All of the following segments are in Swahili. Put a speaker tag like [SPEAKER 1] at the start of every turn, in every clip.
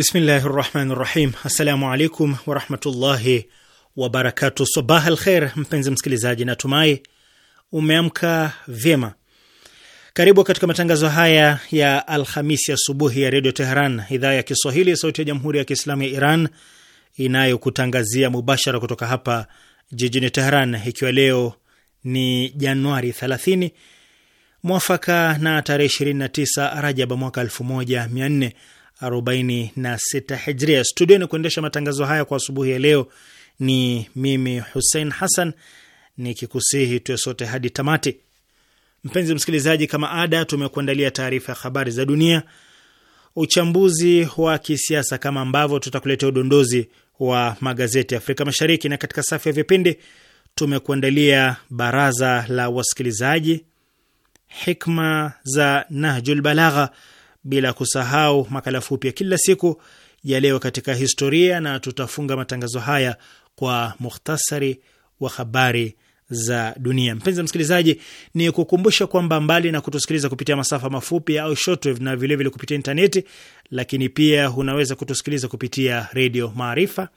[SPEAKER 1] Bismillahi rahmani rahim. Assalamu alaikum warahmatullahi wabarakatu. Sabah al kher, mpenzi msikilizaji, natumai umeamka vyema. Karibu katika matangazo haya ya Alhamisi asubuhi ya, ya Redio Teheran, idhaa ya Kiswahili, sauti ya Jamhuri ya Kiislamu ya Iran inayokutangazia mubashara kutoka hapa jijini Teheran, ikiwa leo ni Januari 30 mwafaka na tarehe 29 Rajaba mwaka 1400 46 hijria. Studioni kuendesha matangazo haya kwa asubuhi ya leo ni mimi Hussein Hassan, nikikusihi tuwe sote hadi tamati. Mpenzi msikilizaji, kama ada, tumekuandalia taarifa ya habari za dunia, uchambuzi wa kisiasa, kama ambavyo tutakuletea udondozi wa magazeti ya Afrika Mashariki, na katika safu ya vipindi tumekuandalia baraza la wasikilizaji, hikma za Nahjul Balagha bila kusahau makala fupi ya kila siku ya leo katika historia, na tutafunga matangazo haya kwa mukhtasari wa habari za dunia. Mpenzi msikilizaji, ni kukumbusha kwamba mbali na kutusikiliza kupitia masafa mafupi au shortwave na vilevile vile kupitia intaneti, lakini pia unaweza kutusikiliza kupitia Redio Maarifa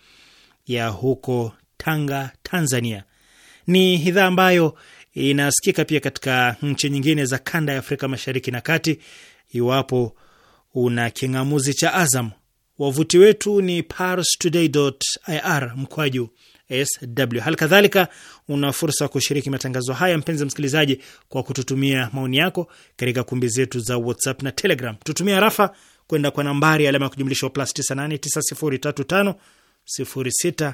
[SPEAKER 1] ya huko Tanga, Tanzania. Ni idhaa ambayo inasikika pia katika nchi nyingine za kanda ya Afrika Mashariki na Kati iwapo una king'amuzi cha Azam. Wavuti wetu ni parstoday.ir mkwaju sw. Hali kadhalika una fursa ya kushiriki matangazo haya, mpenzi msikilizaji, kwa kututumia maoni yako katika kumbi zetu za WhatsApp na Telegram. Tutumia rafa kwenda kwa nambari alama ya kujumlisha plus 989035065487.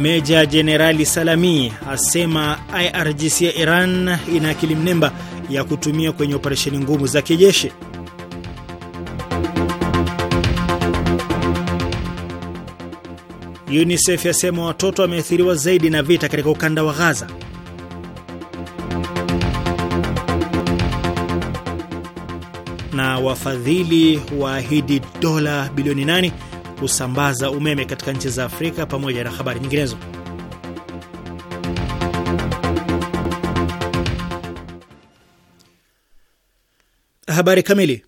[SPEAKER 1] Meja Jenerali Salami asema IRGC ya Iran ina akili mnemba ya kutumia kwenye operesheni ngumu za kijeshi. UNICEF yasema watoto wameathiriwa zaidi na vita katika ukanda wa Gaza. Na wafadhili waahidi dola bilioni 8 kusambaza umeme katika nchi za Afrika pamoja na habari nyinginezo. Habari kamili.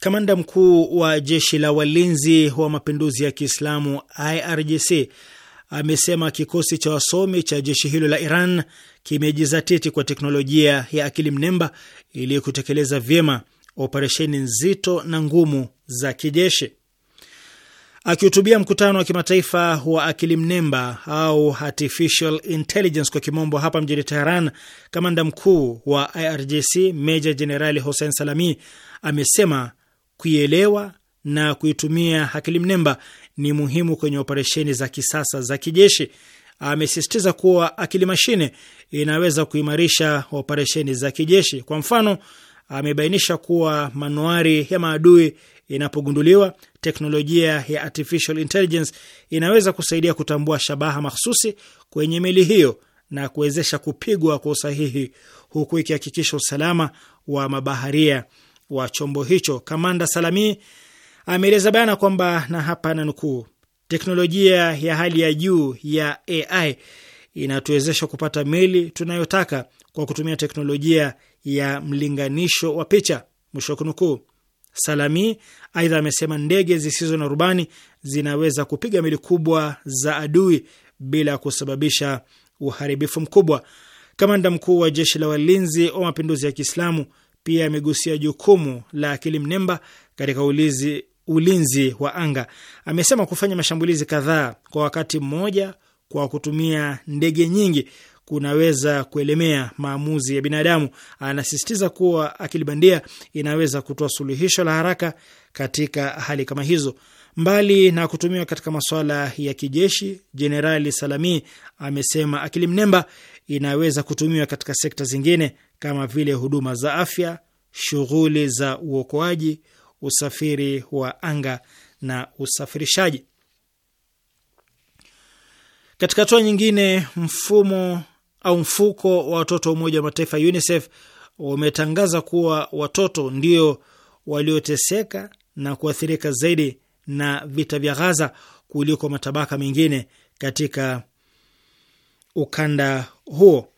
[SPEAKER 1] Kamanda mkuu wa jeshi la walinzi wa mapinduzi ya Kiislamu IRGC amesema kikosi cha wasomi cha jeshi hilo la Iran kimejizatiti kwa teknolojia ya akili mnemba ili kutekeleza vyema operesheni nzito na ngumu za kijeshi. Akihutubia mkutano wa kimataifa wa akili mnemba au artificial intelligence kwa kimombo hapa mjini Teheran, kamanda mkuu wa IRGC meja jenerali Hossein Salami amesema kuielewa na kuitumia akili mnemba ni muhimu kwenye operesheni za kisasa za kijeshi. Amesisitiza kuwa akili mashine inaweza kuimarisha operesheni za kijeshi. Kwa mfano, amebainisha kuwa manuari ya maadui inapogunduliwa, teknolojia ya artificial intelligence inaweza kusaidia kutambua shabaha mahsusi kwenye meli hiyo na kuwezesha kupigwa kwa usahihi, huku ikihakikisha usalama wa mabaharia wa chombo hicho. Kamanda Salami ameeleza bayana kwamba, na hapa na nukuu, teknolojia ya hali ya juu ya AI inatuwezesha kupata meli tunayotaka kwa kutumia teknolojia ya mlinganisho wa picha, mwisho wa kunukuu. Salami aidha amesema ndege zisizo na rubani zinaweza kupiga meli kubwa za adui bila kusababisha uharibifu mkubwa. Kamanda mkuu wa jeshi la walinzi wa mapinduzi ya Kiislamu pia amegusia jukumu la akili mnemba katika ulizi, ulinzi wa anga. Amesema kufanya mashambulizi kadhaa kwa wakati mmoja kwa kutumia ndege nyingi kunaweza kuelemea maamuzi ya binadamu. Anasisitiza kuwa akili bandia inaweza kutoa suluhisho la haraka katika hali kama hizo. Mbali na kutumiwa katika masuala ya kijeshi, Jenerali Salami amesema akili mnemba inaweza kutumiwa katika sekta zingine kama vile huduma za afya, shughuli za uokoaji, usafiri wa anga na usafirishaji. Katika hatua nyingine, mfumo au mfuko wa watoto wa Umoja wa Mataifa UNICEF umetangaza kuwa watoto ndio walioteseka na kuathirika zaidi na vita vya Ghaza kuliko matabaka mengine katika ukanda huo.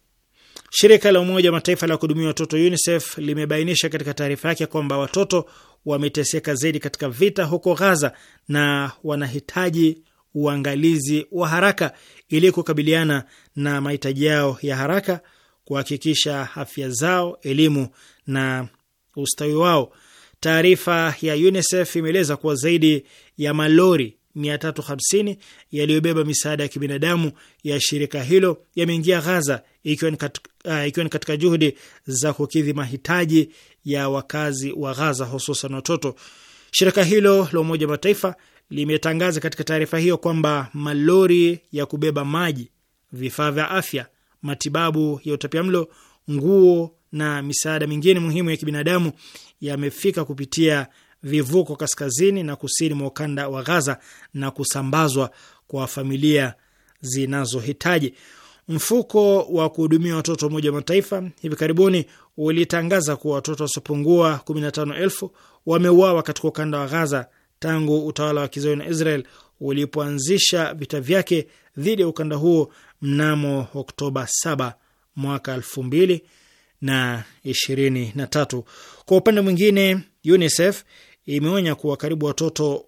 [SPEAKER 1] Shirika la Umoja wa Mataifa la kuhudumia watoto UNICEF limebainisha katika taarifa yake kwamba watoto wameteseka zaidi katika vita huko Ghaza na wanahitaji uangalizi wa haraka ili kukabiliana na mahitaji yao ya haraka, kuhakikisha afya zao, elimu na ustawi wao. Taarifa ya UNICEF imeeleza kuwa zaidi ya malori 350 yaliyobeba misaada ya kibinadamu ya shirika hilo yameingia Ghaza, ikiwa ni katika, uh, katika juhudi za kukidhi mahitaji ya wakazi wa Ghaza, hususan watoto. Shirika hilo la Umoja wa Mataifa limetangaza katika taarifa hiyo kwamba malori ya kubeba maji, vifaa vya afya, matibabu ya utapiamlo, nguo na misaada mingine muhimu ya kibinadamu yamefika kupitia vivuko kaskazini na kusini mwa ukanda wa Gaza na kusambazwa kwa familia zinazohitaji. Mfuko wa kuhudumia watoto wa Umoja wa Mataifa hivi karibuni ulitangaza kuwa watoto wasiopungua 15,000 wameuawa katika ukanda wa Gaza tangu utawala wa kizayuni Israel ulipoanzisha vita vyake dhidi ya ukanda huo mnamo Oktoba 7 mwaka elfu mbili na ishirini na tatu. Kwa upande mwingine, UNICEF imeonya kuwa karibu watoto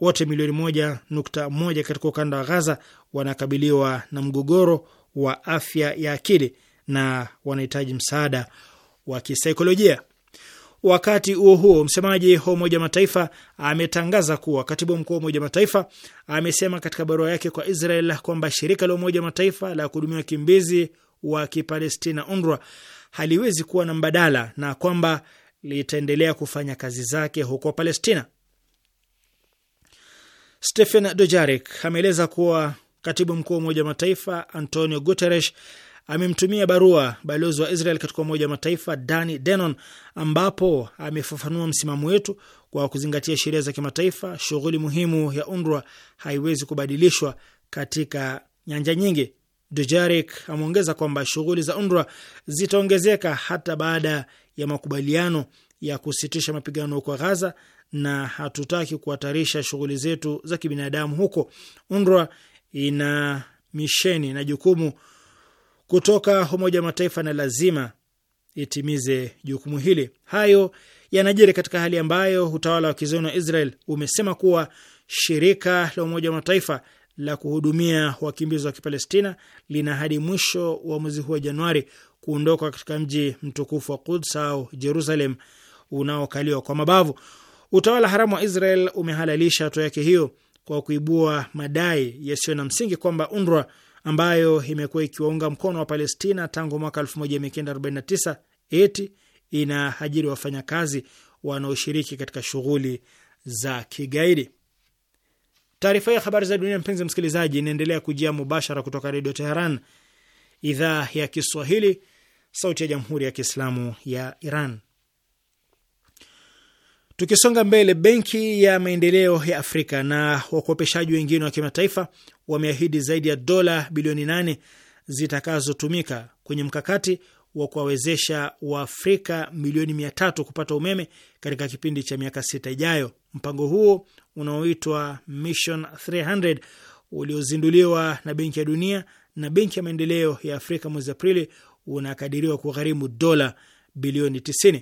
[SPEAKER 1] wote milioni moja nukta moja katika ukanda wa Gaza wanakabiliwa na mgogoro wa afya ya akili na wanahitaji msaada wa kisaikolojia. Wakati huo huo, msemaji wa Umoja Mataifa ametangaza kuwa katibu mkuu wa Umoja Mataifa amesema katika barua yake kwa Israel kwamba shirika la Umoja Mataifa la kuhudumia wakimbizi wa Kipalestina UNRWA haliwezi kuwa na mbadala na kwamba litaendelea kufanya kazi zake huko Palestina. Stephen dojarik ameeleza kuwa katibu mkuu wa Umoja Mataifa Antonio Guterres amemtumia barua balozi wa Israel katika Umoja wa Mataifa Dani Denon, ambapo amefafanua msimamo wetu kwa kuzingatia sheria za kimataifa. Shughuli muhimu ya UNRWA haiwezi kubadilishwa katika nyanja nyingi. Dujarik ameongeza kwamba shughuli za UNRWA zitaongezeka hata baada ya makubaliano ya kusitisha mapigano huko Ghaza, na hatutaki kuhatarisha shughuli zetu za kibinadamu huko. UNRWA ina misheni na jukumu kutoka Umoja wa Mataifa na lazima itimize jukumu hili. Hayo yanajiri katika hali ambayo utawala wa kizayuni wa Israel umesema kuwa shirika la Umoja wa Mataifa la kuhudumia wakimbizi wa Kipalestina lina hadi mwisho wa mwezi huu wa Januari kuondoka katika mji mtukufu wa Quds au Jerusalem unaokaliwa kwa mabavu. Utawala haramu wa Israel umehalalisha hatua yake hiyo kwa kuibua madai yasiyo na msingi kwamba UNRWA ambayo imekuwa ikiwaunga mkono wa Palestina tangu mwaka 1949 eti ina ajiri wafanyakazi wanaoshiriki katika shughuli za kigaidi. Taarifa ya habari za dunia, mpenzi msikilizaji, inaendelea kujia mubashara kutoka Redio Teheran, idhaa ya Kiswahili, sauti ya Jamhuri ya Kiislamu ya Iran. Tukisonga mbele, Benki ya Maendeleo ya Afrika na wakopeshaji wengine wa kimataifa wameahidi zaidi ya dola bilioni nane zitakazotumika kwenye mkakati wa kuwawezesha Waafrika milioni mia tatu kupata umeme katika kipindi cha miaka sita ijayo. Mpango huo unaoitwa Mission 300 uliozinduliwa na Benki ya Dunia na Benki ya Maendeleo ya Afrika mwezi Aprili unakadiriwa kugharimu dola bilioni 90.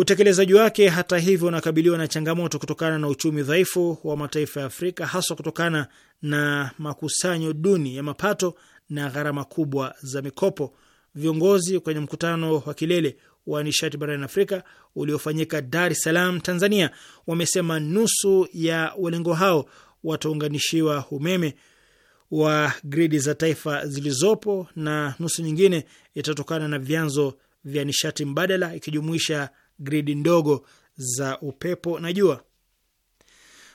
[SPEAKER 1] Utekelezaji wake, hata hivyo, unakabiliwa na changamoto kutokana na uchumi dhaifu wa mataifa ya Afrika, haswa kutokana na makusanyo duni ya mapato na gharama kubwa za mikopo. Viongozi kwenye mkutano wa kilele wa nishati barani Afrika uliofanyika Dar es Salaam, Tanzania, wamesema nusu ya walengo hao wataunganishiwa umeme wa gridi za taifa zilizopo na nusu nyingine itatokana na vyanzo vya nishati mbadala ikijumuisha gridi ndogo za upepo na jua.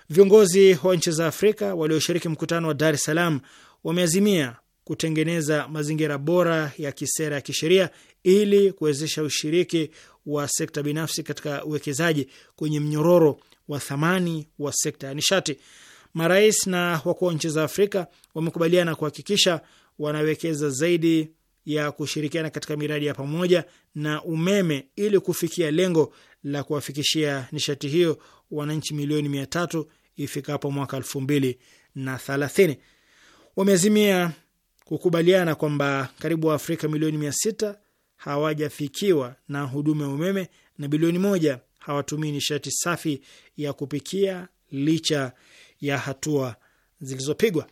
[SPEAKER 1] Viongozi wa nchi za Afrika walioshiriki mkutano wa Dar es Salaam wameazimia kutengeneza mazingira bora ya kisera ya kisheria ili kuwezesha ushiriki wa sekta binafsi katika uwekezaji kwenye mnyororo wa thamani wa sekta ya nishati. Marais na wakuu wa nchi za Afrika wamekubaliana kuhakikisha wanawekeza zaidi ya kushirikiana katika miradi ya pamoja na umeme ili kufikia lengo la kuwafikishia nishati hiyo wananchi milioni mia tatu ifikapo mwaka elfu mbili na thalathini. Wameazimia kukubaliana kwamba karibu Waafrika milioni mia sita hawajafikiwa na huduma ya umeme na bilioni moja hawatumii nishati safi ya kupikia licha ya hatua zilizopigwa.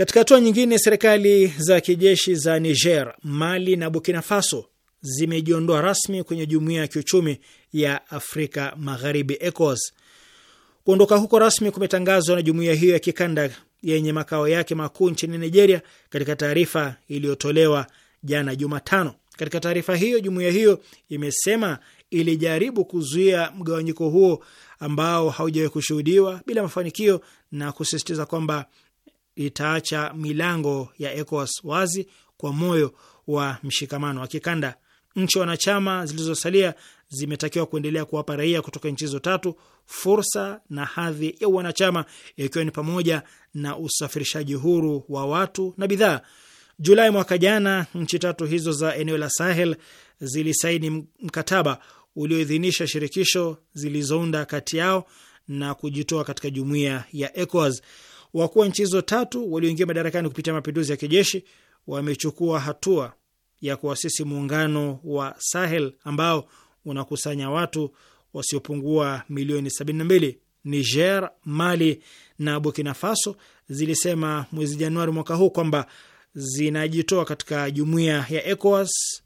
[SPEAKER 1] Katika hatua nyingine, serikali za kijeshi za Niger, Mali na Burkina Faso zimejiondoa rasmi kwenye jumuiya ya kiuchumi ya Afrika Magharibi, ECOWAS. Kuondoka huko rasmi kumetangazwa na jumuiya hiyo ya kikanda yenye makao yake makuu nchini Nigeria katika taarifa iliyotolewa jana Jumatano. Katika taarifa hiyo, jumuiya hiyo imesema ilijaribu kuzuia mgawanyiko huo ambao haujawahi kushuhudiwa bila mafanikio, na kusisitiza kwamba itaacha milango ya ECOWAS wazi kwa moyo wa mshikamano wa kikanda. Nchi wanachama zilizosalia zimetakiwa kuendelea kuwapa raia kutoka nchi hizo tatu fursa na hadhi ya wanachama, ikiwa ni pamoja na usafirishaji huru wa watu na bidhaa. Julai mwaka jana, nchi tatu hizo za eneo la Sahel zilisaini mkataba ulioidhinisha shirikisho zilizounda kati yao na kujitoa katika jumuiya ya ECOWAS. Wakuu wa nchi hizo tatu walioingia madarakani kupitia mapinduzi ya kijeshi wamechukua hatua ya kuasisi muungano wa Sahel ambao unakusanya watu wasiopungua milioni mbili. Niger, Mali na Burkina Faso zilisema mwezi Januari mwaka huu kwamba zinajitoa katika jumuiya ya ECOWAS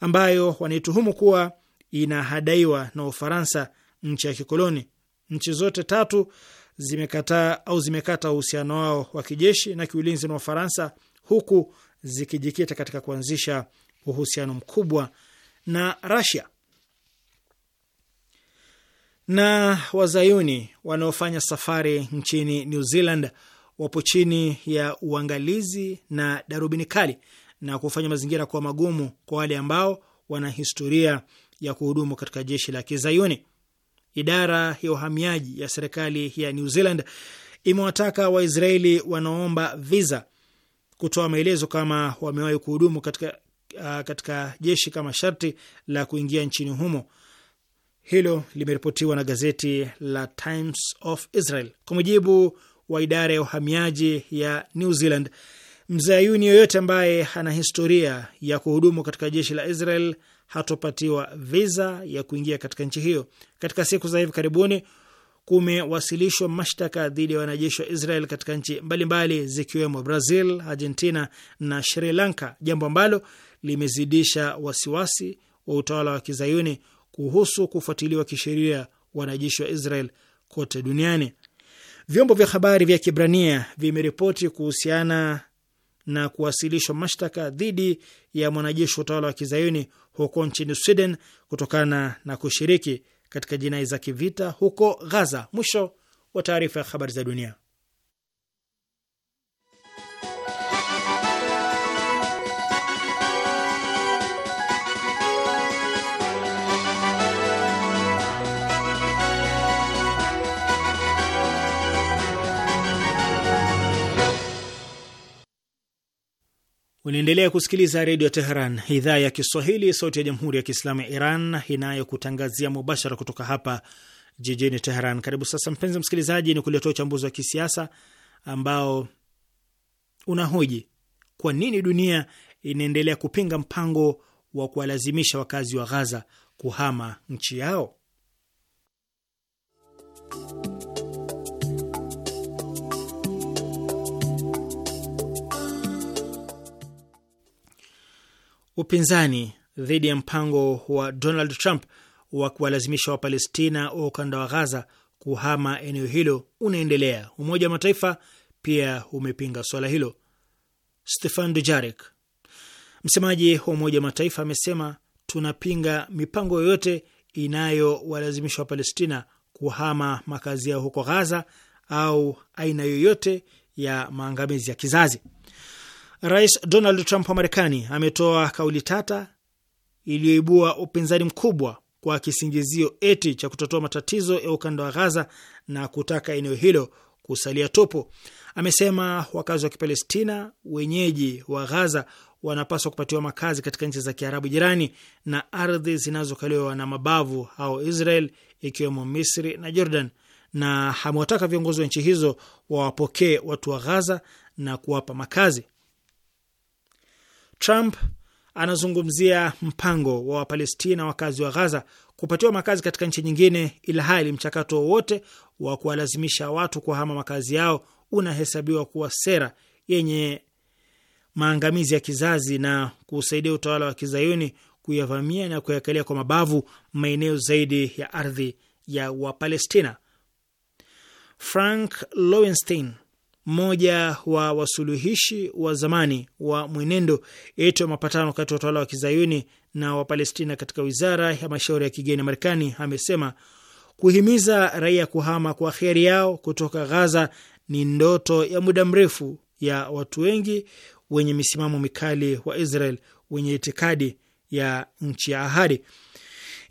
[SPEAKER 1] ambayo wanaituhumu kuwa inahadaiwa na Ufaransa, nchi ya kikoloni. Nchi zote tatu zimekataa au zimekata uhusiano wao wa kijeshi na kiulinzi na Ufaransa, huku zikijikita katika kuanzisha uhusiano mkubwa na Rasia. Na wazayuni wanaofanya safari nchini New Zealand wapo chini ya uangalizi na darubini kali na kufanya mazingira kuwa magumu kwa wale ambao wana historia ya kuhudumu katika jeshi la kizayuni. Idara ya uhamiaji ya serikali ya New Zealand imewataka Waisraeli wanaoomba visa kutoa maelezo kama wamewahi kuhudumu katika, uh, katika jeshi kama sharti la kuingia nchini humo. Hilo limeripotiwa na gazeti la Times of Israel. Kwa mujibu wa idara ya uhamiaji ya New Zealand, mzayuni yoyote ambaye ana historia ya kuhudumu katika jeshi la Israel hatopatiwa viza ya kuingia katika nchi hiyo. Katika siku za hivi karibuni kumewasilishwa mashtaka dhidi ya wanajeshi wa Israel katika nchi mbalimbali zikiwemo Brazil, Argentina na Sri Lanka, jambo ambalo limezidisha wasiwasi wa utawala wa kizayuni kuhusu kufuatiliwa kisheria wanajeshi wa Israel kote duniani. Vyombo vya habari vya Kibrania vimeripoti kuhusiana na kuwasilishwa mashtaka dhidi ya mwanajeshi wa utawala wa kizayuni huko nchini Sweden kutokana na kushiriki katika jinai za kivita huko Ghaza. Mwisho wa taarifa ya habari za dunia. Unaendelea kusikiliza redio Teheran, idhaa ya Kiswahili, sauti ya jamhuri ya kiislamu ya Iran inayokutangazia mubashara kutoka hapa jijini Teheran. Karibu sasa, mpenzi msikilizaji, ni kuletea uchambuzi wa kisiasa ambao unahoji kwa nini dunia inaendelea kupinga mpango wa kuwalazimisha wakazi wa Ghaza kuhama nchi yao. upinzani dhidi ya mpango wa Donald Trump wa kuwalazimisha Wapalestina wa ukanda wa Ghaza kuhama eneo hilo unaendelea. Umoja wa Mataifa pia umepinga swala hilo. Stefan Dujarik, msemaji wa Umoja wa Mataifa, amesema tunapinga mipango yoyote inayowalazimisha Wapalestina kuhama makazi yao huko Ghaza au aina yoyote ya maangamizi ya kizazi. Rais Donald Trump wa Marekani ametoa kauli tata iliyoibua upinzani mkubwa kwa kisingizio eti cha kutatua matatizo ya ukanda wa Ghaza na kutaka eneo hilo kusalia tupu. Amesema wakazi wa Kipalestina wenyeji wa Ghaza wanapaswa kupatiwa makazi katika nchi za Kiarabu jirani na ardhi zinazokaliwa na mabavu au Israel, ikiwemo Misri na Jordan, na amewataka viongozi wa nchi hizo wawapokee watu wa Ghaza na kuwapa makazi. Trump anazungumzia mpango wa Wapalestina wakazi wa Ghaza kupatiwa makazi katika nchi nyingine, ilhali mchakato wowote wa kuwalazimisha watu kuhama makazi yao unahesabiwa kuwa sera yenye maangamizi ya kizazi na kusaidia utawala wa kizayuni kuyavamia na kuyakalia kwa mabavu maeneo zaidi ya ardhi ya Wapalestina. Frank Lowenstein mmoja wa wasuluhishi wa zamani wa mwenendo yetu mapatano kati ya utawala wa kizayuni na Wapalestina katika wizara ya mashauri ya kigeni ya Marekani amesema kuhimiza raia kuhama kwa kheri yao kutoka Ghaza ni ndoto ya muda mrefu ya watu wengi wenye misimamo mikali wa Israel wenye itikadi ya nchi ya ahadi.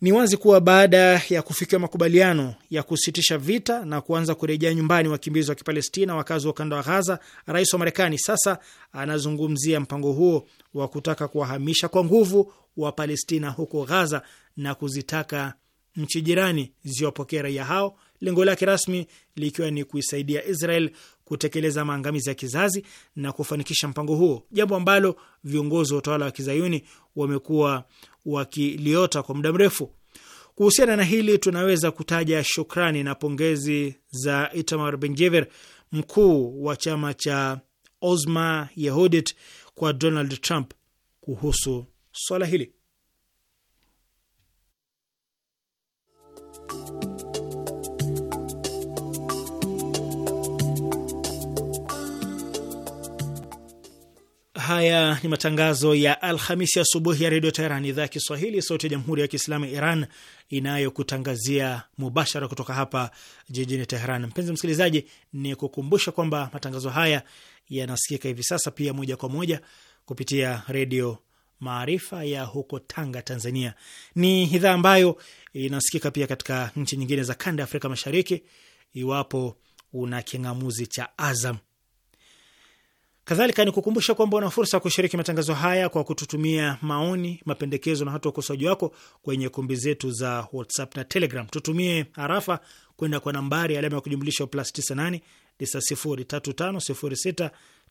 [SPEAKER 1] Ni wazi kuwa baada ya kufikiwa makubaliano ya kusitisha vita na kuanza kurejea nyumbani wakimbizi wa Kipalestina wakazi wa ukanda wa Ghaza, rais wa Marekani sasa anazungumzia mpango huo wa kutaka kuwahamisha kwa nguvu wa Palestina huko Ghaza na kuzitaka nchi jirani ziwapokee raia hao, lengo lake rasmi likiwa ni kuisaidia Israel kutekeleza maangamizi ya kizazi na kufanikisha mpango huo, jambo ambalo viongozi wa utawala wa kizayuni wamekuwa wakiliota kwa muda mrefu. Kuhusiana na hili, tunaweza kutaja shukrani na pongezi za Itamar Benjever, mkuu wa chama cha Ozma Yehudit, kwa Donald Trump kuhusu swala hili. Haya ni matangazo ya Alhamisi asubuhi ya redio Teheran, idhaa ya Kiswahili, sauti ya jamhuri ya kiislamu ya Iran inayokutangazia mubashara kutoka hapa jijini Teheran. Mpenzi msikilizaji, ni kukumbusha kwamba matangazo haya yanasikika hivi sasa pia moja kwa moja kupitia redio Maarifa ya huko Tanga, Tanzania. Ni idhaa ambayo inasikika pia katika nchi nyingine za kanda ya Afrika Mashariki iwapo una king'amuzi cha Azam. Kadhalika ni kukumbusha kwamba una fursa ya kushiriki matangazo haya kwa kututumia maoni, mapendekezo na hata ukosoaji wako kwenye kumbi zetu za WhatsApp na Telegram. Tutumie harafa kwenda kwa nambari alama ya kujumlisha plus 98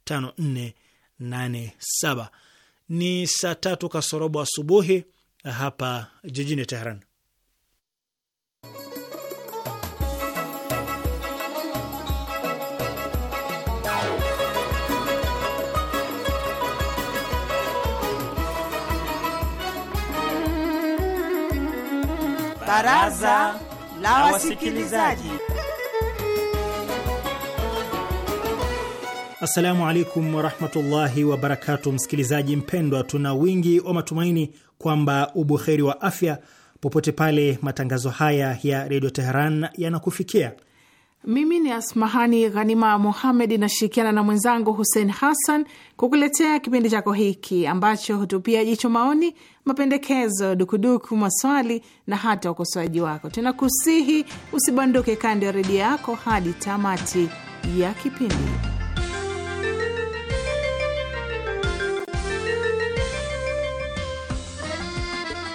[SPEAKER 1] 935565487. Ni saa tatu kasorobo asubuhi hapa jijini Teheran.
[SPEAKER 2] Baraza la Wasikilizaji.
[SPEAKER 1] Assalamu alaikum warahmatullahi wabarakatu, msikilizaji mpendwa, tuna wingi wa matumaini kwamba ubuheri wa afya popote pale matangazo haya ya redio Teheran yanakufikia.
[SPEAKER 2] Mimi ni Asmahani Ghanima Muhamed, inashirikiana na mwenzangu Hussein Hassan kukuletea kipindi chako hiki ambacho hutupia jicho maoni, mapendekezo, dukuduku, maswali na hata ukosoaji wako. Tunakusihi usibanduke kando ya redio yako hadi tamati ya kipindi.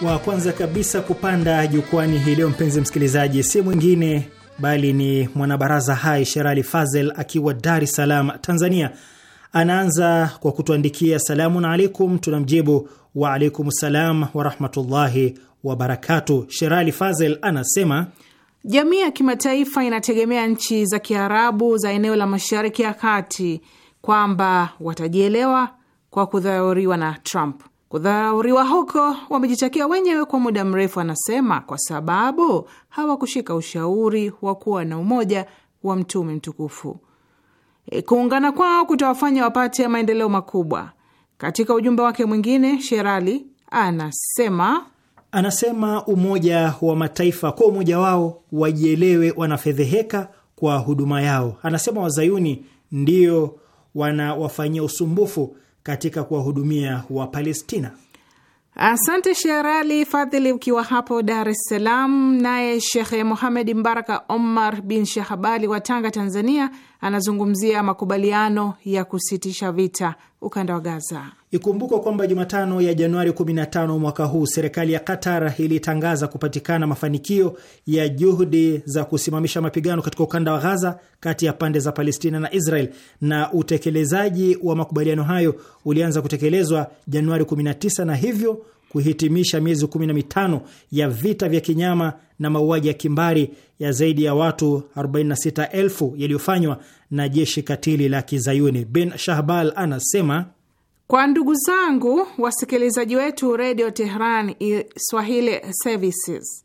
[SPEAKER 1] Wa kwanza kabisa kupanda jukwani hii leo, mpenzi msikilizaji, si mwingine bali ni mwanabaraza hai Sherali Fazel akiwa Dar es Salaam, Tanzania. Anaanza kwa kutuandikia salamun alaikum, tunamjibu wa alaikum salam warahmatullahi wabarakatu. Sherali Fazel anasema
[SPEAKER 2] jamii ya kimataifa inategemea nchi za Kiarabu za eneo la Mashariki ya Kati kwamba watajielewa kwa kudhauriwa na Trump. Kudhauriwa huko wamejitakia wenyewe kwa muda mrefu, anasema, kwa sababu hawakushika ushauri wa kuwa na umoja wa mtume mtukufu. E, kuungana kwao kutawafanya wapate maendeleo makubwa. Katika ujumbe wake mwingine, Sherali anasema
[SPEAKER 1] anasema Umoja wa Mataifa kwa umoja wao wajielewe wanafedheheka kwa huduma yao. Anasema Wazayuni ndio wanawafanyia usumbufu katika kuwahudumia Wapalestina.
[SPEAKER 2] Asante Sherali Fadhili, ukiwa hapo Dar es Salaam. Naye Shekhe Mohamed Mbaraka Omar bin Shahabali wa Tanga, Tanzania, anazungumzia makubaliano ya kusitisha vita ukanda wa Gaza.
[SPEAKER 1] ikumbukwa kwamba Jumatano ya Januari 15 mwaka huu serikali ya Qatar ilitangaza kupatikana mafanikio ya juhudi za kusimamisha mapigano katika ukanda wa Gaza kati ya pande za Palestina na Israel, na utekelezaji wa makubaliano hayo ulianza kutekelezwa Januari 19 na hivyo kuhitimisha miezi 15 ya vita vya kinyama na mauaji ya kimbari ya zaidi ya watu 46,000 yaliyofanywa na jeshi katili la Kizayuni. Bin Shahbal anasema kwa ndugu zangu
[SPEAKER 2] wasikilizaji wetu Radio Tehran Swahili Services,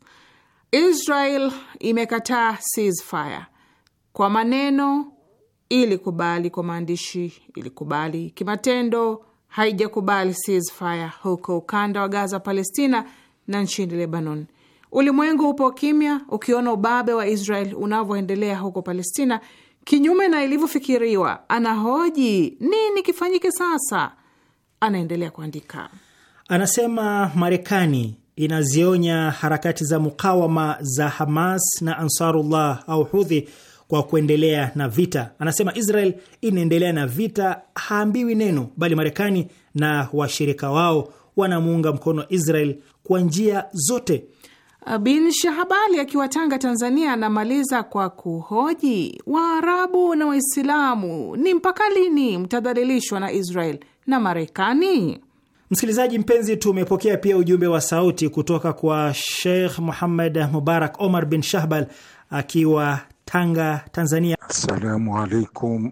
[SPEAKER 2] Israel imekataa ceasefire kwa maneno, ilikubali kwa maandishi, ilikubali kimatendo, haijakubali ceasefire huko ukanda wa Gaza, Palestina na nchini Lebanon. Ulimwengu upo kimya ukiona ubabe wa Israel unavyoendelea huko Palestina, kinyume na ilivyofikiriwa. Anahoji nini kifanyike sasa? Anaendelea kuandika,
[SPEAKER 1] anasema Marekani inazionya harakati za mukawama za Hamas na Ansarullah au Hudhi kwa kuendelea na vita. Anasema Israel inaendelea na vita, haambiwi neno, bali Marekani na washirika wao wanamuunga mkono Israel kwa njia zote bin Shahabali
[SPEAKER 2] akiwa Tanga, Tanzania, anamaliza kwa kuhoji Waarabu na Waislamu ni mpaka lini mtadhalilishwa na Israel na Marekani?
[SPEAKER 1] Msikilizaji mpenzi, tumepokea pia ujumbe wa sauti kutoka kwa Sheikh Muhammad Mubarak Omar bin Shahbal akiwa Tanga, Tanzania.
[SPEAKER 3] Assalamu alaikum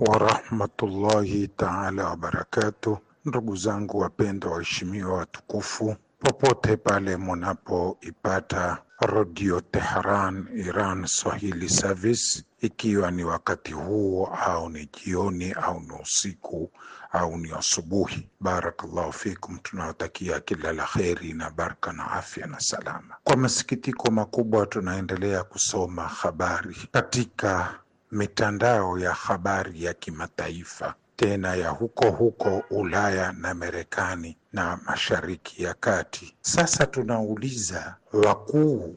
[SPEAKER 3] warahmatullahi taala wabarakatu, Ndugu zangu wapendwa, waheshimiwa, watukufu popote pale munapoipata Radio Tehran Iran Swahili Service, ikiwa ni wakati huo au ni jioni au ni usiku au ni asubuhi. Barakallahu fikum, tunawatakia kila la kheri na baraka na afya na salama. Kwa masikitiko makubwa, tunaendelea kusoma habari katika mitandao ya habari ya kimataifa, tena ya huko huko Ulaya na Marekani na Mashariki ya Kati. Sasa tunauliza wakuu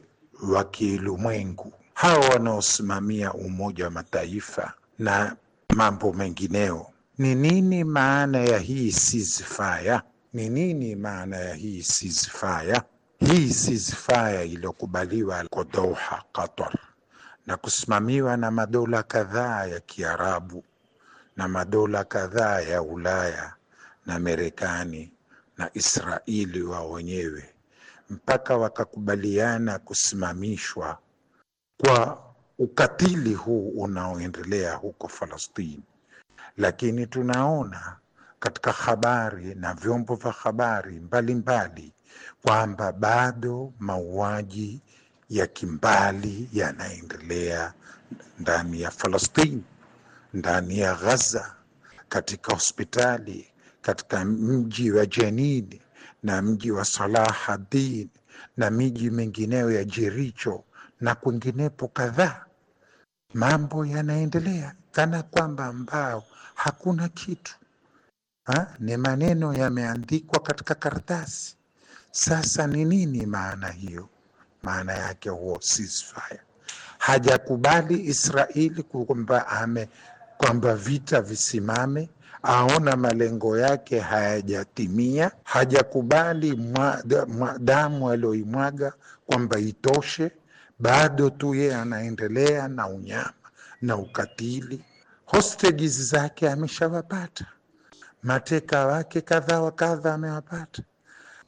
[SPEAKER 3] wa kiulimwengu hawa wanaosimamia Umoja wa Mataifa na mambo mengineo, ni nini maana ya hii ceasefire? Ni nini maana ya hii ceasefire? Hii ceasefire iliyokubaliwa kwa Doha, Qatar, na kusimamiwa na madola kadhaa ya Kiarabu na madola kadhaa ya Ulaya na Marekani na Israeli wao wenyewe mpaka wakakubaliana kusimamishwa kwa ukatili huu unaoendelea huko Falastini. Lakini tunaona katika habari na vyombo vya habari mbalimbali kwamba bado mauaji ya kimbali yanaendelea ndani ya Falastini, ndani ya Gaza, katika hospitali, katika mji wa Jenini na mji wa Salahaddin na miji mingineyo ya Jericho na kwinginepo kadhaa, mambo yanaendelea kana kwamba ambao hakuna kitu ha? Ni maneno yameandikwa katika karatasi. Sasa ni nini maana hiyo? Maana yake huo ceasefire hajakubali Israeli kwamba ame kwamba vita visimame aona malengo yake hayajatimia, hajakubali damu aliyoimwaga kwamba itoshe, bado tu yeye anaendelea na unyama na ukatili. Hostage zake ameshawapata, mateka wake kadha wa kadha amewapata,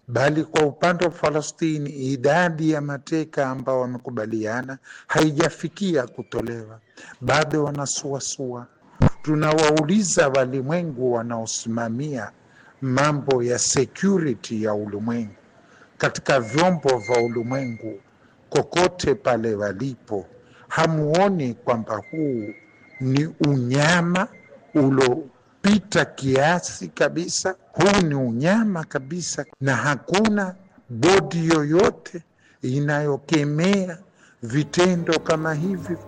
[SPEAKER 3] bali kwa upande wa Falastini idadi ya mateka ambao wamekubaliana haijafikia kutolewa, bado wanasuasua tunawauliza walimwengu wanaosimamia mambo ya security ya ulimwengu katika vyombo vya ulimwengu kokote pale walipo, hamuoni kwamba huu ni unyama ulopita kiasi kabisa? Huu ni unyama kabisa, na hakuna bodi yoyote inayokemea vitendo kama hivyo.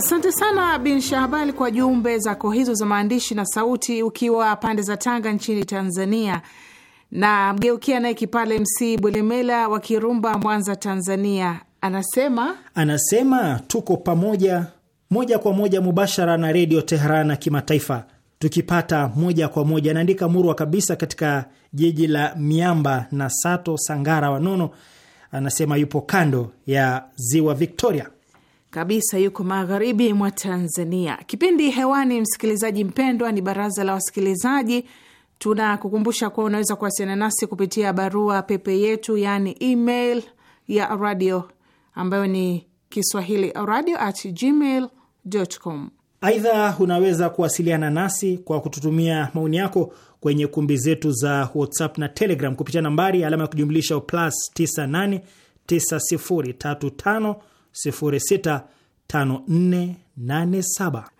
[SPEAKER 2] Asante sana Bin Shahbali kwa jumbe zako hizo za maandishi na sauti, ukiwa pande za Tanga nchini Tanzania. Na mgeukia naye Kipale MC Bwelemela wa Kirumba, Mwanza, Tanzania,
[SPEAKER 1] anasema anasema tuko pamoja moja kwa moja mubashara na Redio ya kimataifa tukipata moja kwa moja, anaandika murwa kabisa katika jiji la miamba na Sato Sangara Wanono, anasema yupo kando ya ziwa Victoria
[SPEAKER 2] kabisa yuko magharibi mwa Tanzania. Kipindi hewani, msikilizaji mpendwa, ni baraza la wasikilizaji. Tunakukumbusha kuwa unaweza kuwasiliana nasi kupitia barua pepe yetu, yaani email ya radio ambayo ni kiswahili radio at gmail com.
[SPEAKER 1] Aidha, unaweza kuwasiliana nasi kwa kututumia maoni yako kwenye kumbi zetu za WhatsApp na Telegram kupitia nambari alama ya kujumlisha plus 98 9035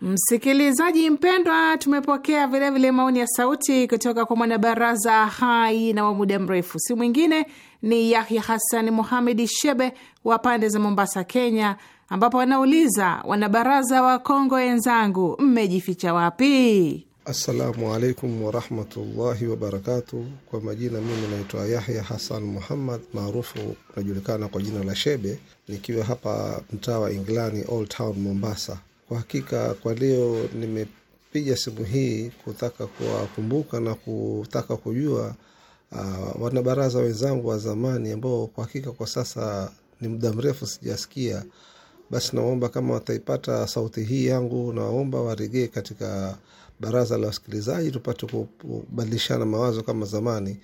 [SPEAKER 1] Msikilizaji
[SPEAKER 2] mpendwa, tumepokea vilevile maoni ya sauti kutoka kwa mwanabaraza hai na wa muda mrefu, si mwingine ni Yahya Hasani Muhamedi Shebe wa pande za Mombasa, Kenya, ambapo wanauliza wanabaraza wa Kongo wenzangu, mmejificha wapi?
[SPEAKER 4] Assalamu alaikum warahmatullahi wabarakatu. Kwa majina mimi naitwa Yahya Hasan Muhammad, maarufu unajulikana kwa jina la Shebe, nikiwa hapa mtaa wa Inglani, Old Town Mombasa. Kwa hakika kwa leo nimepiga simu hii kutaka kuwakumbuka na kutaka kujua uh, wanabaraza wenzangu wa zamani ambao kwa hakika kwa sasa ni muda mrefu sijasikia. Basi nawaomba kama wataipata sauti hii yangu, nawaomba waregee katika baraza la wasikilizaji tupate kubadilishana mawazo kama zamani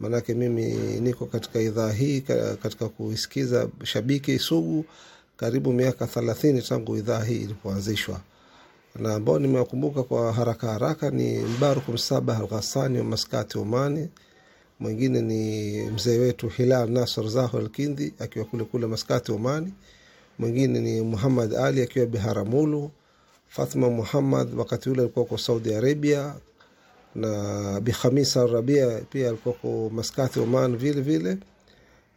[SPEAKER 4] maanake mimi niko katika idhaa hii katika kuisikiza shabiki sugu karibu miaka thelathini tangu idhaa hii ilipoanzishwa na ambao nimewakumbuka kwa haraka haraka ni mbaruku msaba alghasani wa maskati Umani, mwingine ni mzee wetu hilal nasr zaho alkindi akiwa kulekule maskati Umani, mwingine ni muhamad ali akiwa biharamulu Fatma Muhammad wakati ule alikuwa kwa Saudi Arabia na Bikhamisa Rabia pia alikuwa kwa Maskati Oman vile vile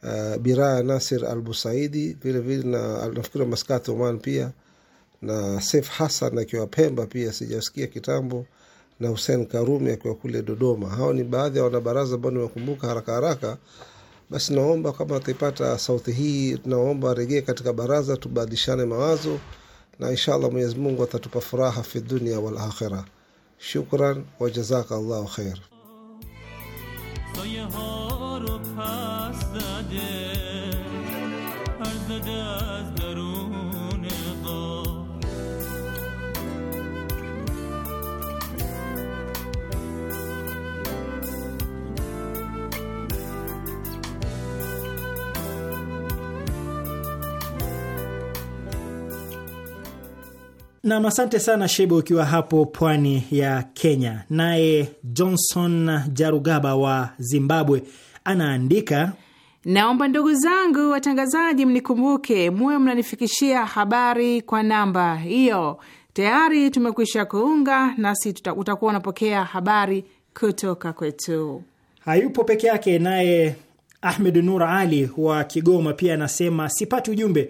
[SPEAKER 4] uh, Biraya Nasir al Busaidi vile vile na nafikiri Maskati Oman pia na Sef Hasan akiwa Pemba pia sijasikia kitambo na Hussein Karumi akiwa kule Dodoma. Hao ni baadhi ya wanabaraza ambao nimekumbuka haraka haraka. Basi naomba kama ataipata sauti hii, naomba aregee katika baraza, tubadilishane mawazo na insha allah mwenyezi mungu atatupa furaha fi dunia wal akhira shukran wa jazaka allahu khair
[SPEAKER 5] سایه
[SPEAKER 1] Nam, asante sana Shebe, ukiwa hapo pwani ya Kenya. Naye Johnson Jarugaba wa Zimbabwe anaandika
[SPEAKER 2] Naomba ndugu zangu watangazaji, mnikumbuke muwe mnanifikishia habari kwa namba hiyo. Tayari tumekwisha kuunga, nasi utakuwa unapokea habari kutoka kwetu.
[SPEAKER 1] Hayupo peke yake. Naye Ahmed Nur Ali wa Kigoma pia anasema sipati ujumbe,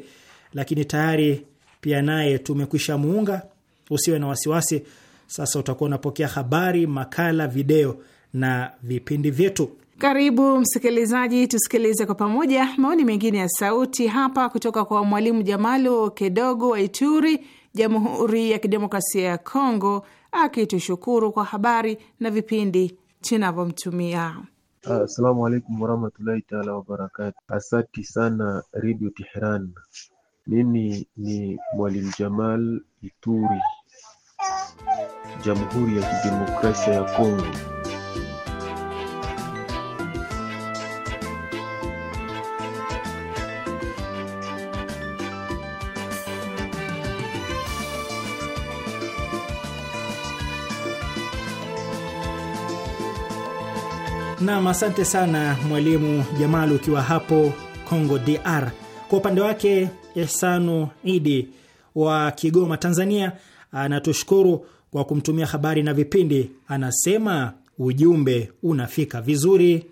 [SPEAKER 1] lakini tayari pia naye tumekwisha muunga. Usiwe na wasiwasi, sasa utakuwa unapokea habari, makala, video na vipindi vyetu.
[SPEAKER 2] Karibu msikilizaji, tusikilize kwa pamoja maoni mengine ya sauti hapa kutoka kwa Mwalimu Jamalu Kedogo wa Ituri, Jamhuri ya Kidemokrasia ya Kongo, akitushukuru kwa habari na vipindi tunavyomtumia.
[SPEAKER 3] Asalamu alaikum warahmatullahi taala wabarakatu. Asanti sana Redio Tehran mimi ni Mwalimu Jamal Ituri, Jamhuri ya Kidemokrasia ya Kongo.
[SPEAKER 1] Nam, asante sana Mwalimu Jamal ukiwa hapo Kongo DR. Kwa upande wake Esanu Idi wa Kigoma, Tanzania, anatushukuru kwa kumtumia habari na vipindi. Anasema ujumbe unafika vizuri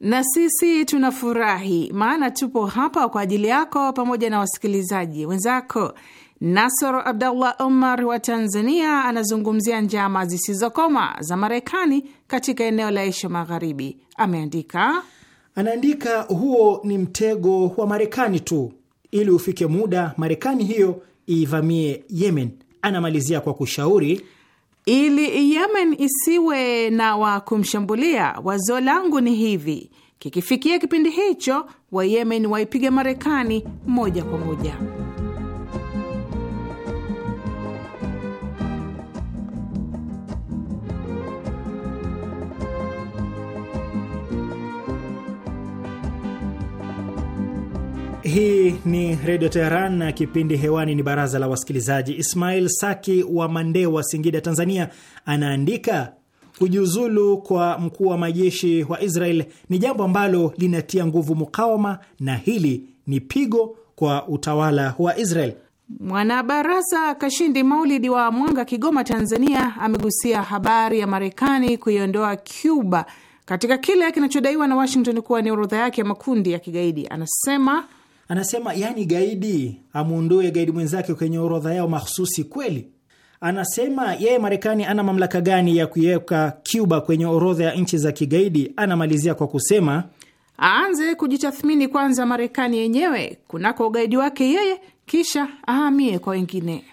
[SPEAKER 1] na sisi tunafurahi, maana tupo hapa kwa ajili yako pamoja na
[SPEAKER 2] wasikilizaji wenzako. Nasor Abdallah Omar wa Tanzania anazungumzia njama zisizokoma za Marekani katika eneo la Asia Magharibi. Ameandika,
[SPEAKER 1] anaandika huo ni mtego wa Marekani tu ili ufike muda Marekani hiyo iivamie Yemen. Anamalizia kwa kushauri
[SPEAKER 2] ili Yemen isiwe na wa kumshambulia, wazo langu ni hivi: kikifikia kipindi hicho, Wayemen waipige Marekani moja kwa moja.
[SPEAKER 1] Hii ni Redio Teheran na kipindi hewani ni baraza la wasikilizaji. Ismail Saki wa wa Singida, Tanzania, anaandika kujiuzulu kwa mkuu wa majeshi wa Israel ni jambo ambalo linatia nguvu mukawama, na hili ni pigo kwa utawala wa Israel.
[SPEAKER 2] Mwanabaraza Kashindi Maulidi wa Mwanga, Kigoma, Tanzania, amegusia habari ya Marekani kuiondoa Cuba katika kile kinachodaiwa na Washington kuwa ni orodha yake ya makundi ya kigaidi. Anasema
[SPEAKER 1] Anasema yani gaidi amuondoe gaidi mwenzake kwenye orodha yao mahsusi kweli? Anasema yeye Marekani ana mamlaka gani ya kuiweka Cuba kwenye orodha ya nchi za kigaidi? Anamalizia kwa kusema
[SPEAKER 2] aanze kujitathmini kwanza Marekani yenyewe kunako ugaidi wake yeye, kisha ahamie kwa wengine.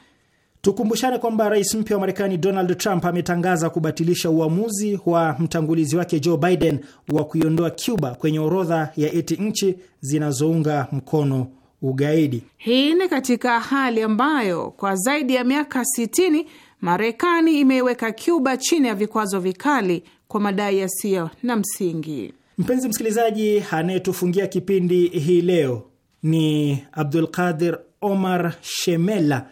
[SPEAKER 1] Tukumbushane kwamba rais mpya wa Marekani Donald Trump ametangaza kubatilisha uamuzi wa mtangulizi wake Joe Biden wa kuiondoa Cuba kwenye orodha ya eti nchi zinazounga mkono ugaidi.
[SPEAKER 2] Hii ni katika hali ambayo kwa zaidi ya miaka 60 Marekani imeiweka Cuba chini ya vikwazo vikali kwa madai yasiyo na msingi.
[SPEAKER 1] Mpenzi msikilizaji, anayetufungia kipindi hii leo ni Abdul Qadir Omar Shemela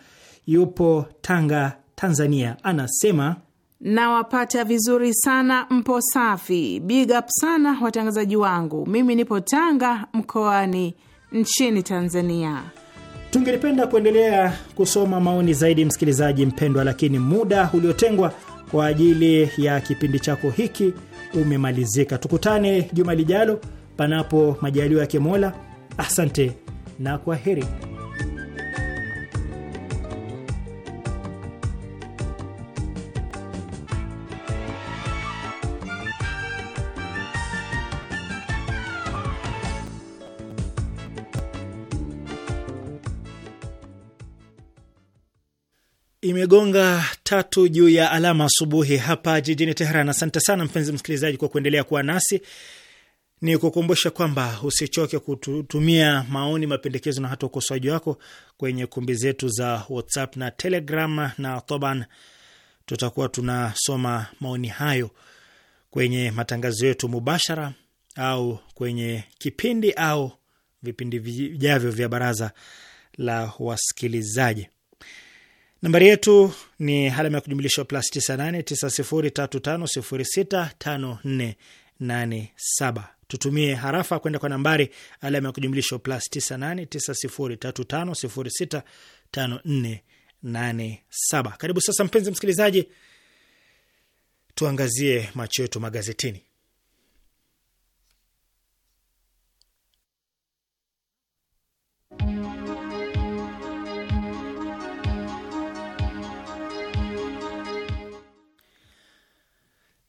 [SPEAKER 1] yupo Tanga, Tanzania, anasema
[SPEAKER 2] nawapata vizuri sana, mpo safi. Big up sana watangazaji wangu, mimi nipo Tanga mkoani nchini Tanzania.
[SPEAKER 1] Tungelipenda kuendelea kusoma maoni zaidi, msikilizaji mpendwa, lakini muda uliotengwa kwa ajili ya kipindi chako hiki umemalizika. Tukutane juma lijalo, panapo majaliwa yake Mola. Asante na kwa heri. imegonga tatu juu ya alama asubuhi hapa jijini Teheran. Asante sana mpenzi msikilizaji kwa kuendelea kuwa nasi. Ni kukumbusha kwamba usichoke kutumia maoni, mapendekezo na hata ukosoaji wako kwenye kumbi zetu za WhatsApp na Telegram, na toban tutakuwa tunasoma maoni hayo kwenye matangazo yetu mubashara au kwenye kipindi au vipindi vijavyo vya baraza la wasikilizaji. Nambari yetu ni alama ya kujumlisha plus 989035065487. Tutumie harafa kwenda kwa nambari alama ya kujumlisha plus 989035065487. Karibu sasa, mpenzi msikilizaji, tuangazie macho yetu magazetini.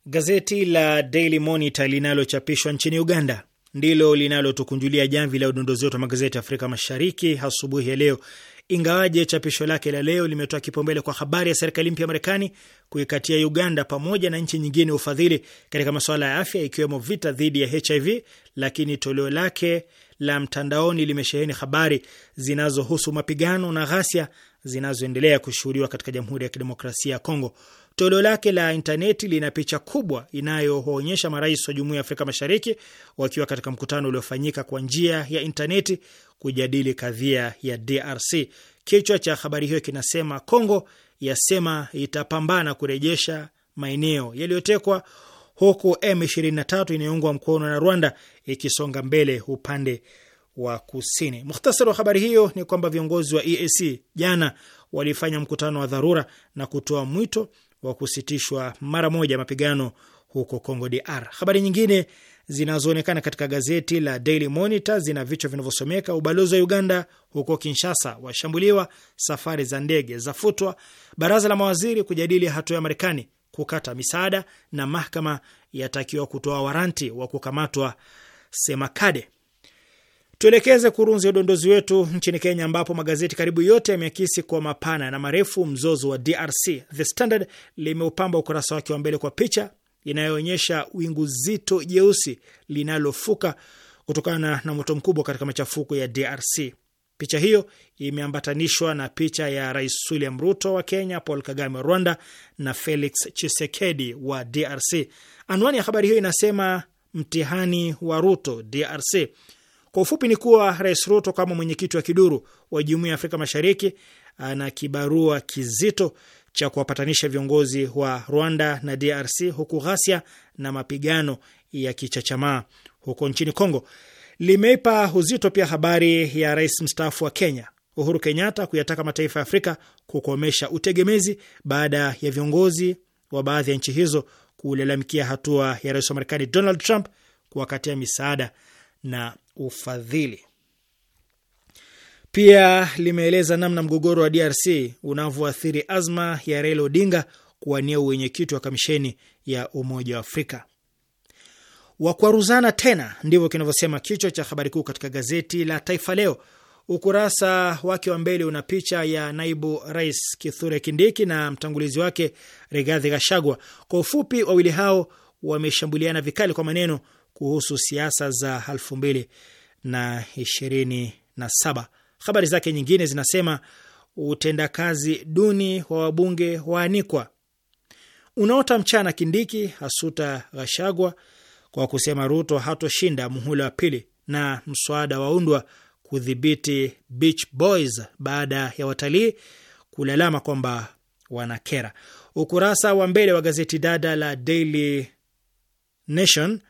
[SPEAKER 1] Gazeti la Daily Monitor linalochapishwa nchini Uganda ndilo linalotukunjulia jamvi la udondozi wetu wa magazeti ya Afrika Mashariki asubuhi ya leo, ingawaje chapisho lake la leo limetoa kipaumbele kwa habari ya serikali mpya ya Marekani kuikatia Uganda pamoja na nchi nyingine ufadhili katika masuala ya afya ikiwemo vita dhidi ya HIV, lakini toleo lake la mtandaoni limesheheni habari zinazohusu mapigano na ghasia zinazoendelea kushuhudiwa katika Jamhuri ya Kidemokrasia ya Kongo. Toleo lake la intaneti lina picha kubwa inayoonyesha marais wa Jumuiya ya Afrika Mashariki wakiwa katika mkutano uliofanyika kwa njia ya intaneti kujadili kadhia ya DRC. Kichwa cha habari hiyo kinasema Kongo yasema itapambana kurejesha maeneo yaliyotekwa, huku M23 inayoungwa mkono na Rwanda ikisonga mbele upande wa kusini. Mukhtasari wa habari hiyo ni kwamba viongozi wa EAC jana walifanya mkutano wa dharura na kutoa mwito wa kusitishwa mara moja mapigano huko Congo DR. Habari nyingine zinazoonekana katika gazeti la Daily Monitor zina vichwa vinavyosomeka: ubalozi wa Uganda huko Kinshasa washambuliwa, safari za ndege zafutwa, baraza la mawaziri kujadili hatua ya Marekani kukata misaada, na mahakama yatakiwa kutoa waranti wa kukamatwa Semakade. Tuelekeze kurunzi ya udondozi wetu nchini Kenya, ambapo magazeti karibu yote yameakisi kwa mapana na marefu mzozo wa DRC. The Standard limeupamba ukurasa wake wa mbele kwa picha inayoonyesha wingu zito jeusi linalofuka kutokana na moto mkubwa katika machafuko ya DRC. Picha hiyo imeambatanishwa na picha ya Rais William Ruto wa Kenya, Paul Kagame wa Rwanda na Felix chisekedi wa DRC. Anwani ya habari hiyo inasema mtihani wa Ruto, DRC kwa ufupi ni kuwa Rais Ruto kama mwenyekiti wa kiduru wa Jumuiya ya Afrika Mashariki ana kibarua kizito cha kuwapatanisha viongozi wa Rwanda na DRC huku ghasia na mapigano ya kichachamaa huko nchini Kongo. Limeipa uzito pia habari ya rais mstaafu wa Kenya Uhuru Kenyatta kuyataka mataifa ya Afrika kukomesha utegemezi baada ya viongozi wa baadhi ya nchi hizo kulalamikia hatua ya rais wa Marekani Donald Trump kuwakatia misaada na ufadhili. Pia limeeleza namna mgogoro wa DRC unavyoathiri azma ya Raila Odinga kuwania uwenyekiti wa kamisheni ya Umoja wa Afrika. Wakwaruzana tena, ndivyo kinavyosema kichwa cha habari kuu katika gazeti la Taifa Leo. Ukurasa wake wa mbele una picha ya naibu rais Kithure Kindiki na mtangulizi wake Rigathi gashagwa Kwa ufupi, wawili hao wameshambuliana vikali kwa maneno kuhusu siasa za 2027. Habari zake nyingine zinasema utendakazi duni wa wabunge waanikwa, unaota mchana Kindiki hasuta Ghashagwa kwa kusema Ruto hatoshinda muhula wa pili, na mswada waundwa kudhibiti beach boys baada ya watalii kulalama kwamba wanakera. Ukurasa wa mbele wa gazeti dada la Daily Nation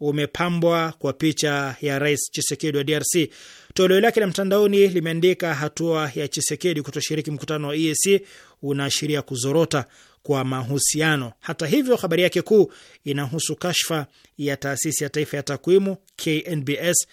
[SPEAKER 1] umepambwa kwa picha ya Rais Chisekedi wa DRC. Toleo lake la mtandaoni limeandika hatua ya Chisekedi kutoshiriki mkutano wa EAC unaashiria kuzorota kwa mahusiano. Hata hivyo, habari yake kuu inahusu kashfa ya taasisi ya taifa ya takwimu KNBS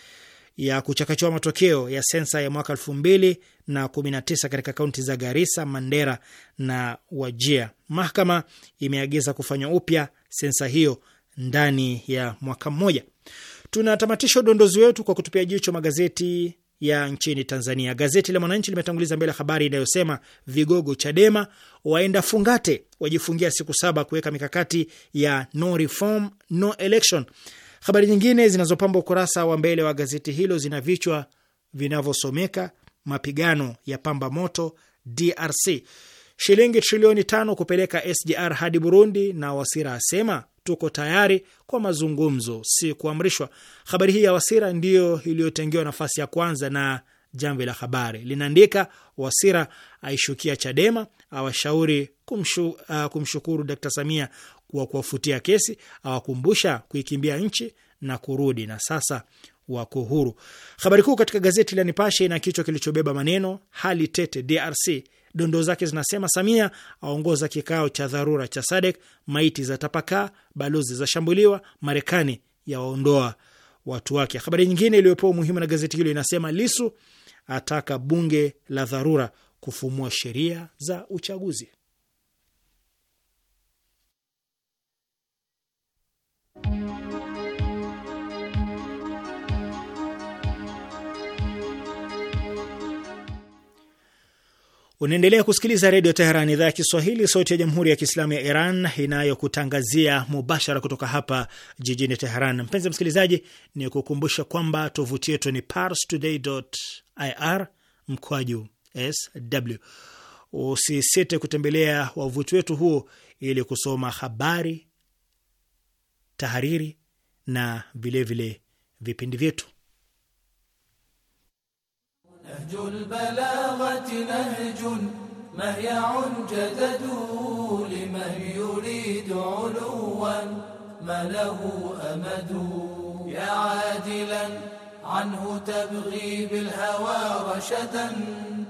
[SPEAKER 1] ya kuchakachua matokeo ya sensa ya mwaka elfu mbili na kumi na tisa katika kaunti za Garisa, Mandera na wajia Mahakama imeagiza kufanywa upya sensa hiyo ndani ya mwaka mmoja. Tunatamatisha udondozi wetu kwa kutupia jicho magazeti ya nchini Tanzania. Gazeti la Mwananchi limetanguliza mbele habari inayosema vigogo Chadema waenda fungate, wajifungia siku saba kuweka mikakati ya no reform, no election. Habari nyingine zinazopamba ukurasa wa mbele wa gazeti hilo zina vichwa vinavyosomeka mapigano ya pamba moto DRC, shilingi trilioni tano kupeleka SGR hadi Burundi, na Wasira asema tuko tayari kwa mazungumzo, si kuamrishwa. Habari hii ya Wasira ndiyo iliyotengewa nafasi ya kwanza na Jamvi la Habari linaandika Wasira aishukia Chadema, awashauri kumshu, uh, kumshukuru Dkt Samia kwa kuwafutia kesi, awakumbusha kuikimbia nchi na kurudi, na sasa wako huru. Habari kuu katika gazeti la Nipashe ina kichwa kilichobeba maneno hali tete DRC. Dondoo zake zinasema Samia aongoza kikao cha dharura cha SADC, maiti za tapakaa, balozi za shambuliwa, Marekani yawaondoa watu wake. Habari nyingine iliyopewa umuhimu na gazeti hilo inasema Lisu ataka bunge la dharura kufumua sheria za uchaguzi. Unaendelea kusikiliza redio Teheran, idhaa ya Kiswahili, sauti ya jamhuri ya kiislamu ya Iran inayokutangazia mubashara kutoka hapa jijini Teheran. Mpenzi msikilizaji, ni kukumbusha kwamba tovuti yetu ni parstoday.ir mkwaju sw. Usisite kutembelea wavuti wetu huo ili kusoma habari, tahariri na vilevile vipindi vyetu.
[SPEAKER 5] نهج البلاغة نهج مهيع جدد لمن
[SPEAKER 4] يريد علوا ما له أمد يا عادلا عنه تبغي بالهوى رشدا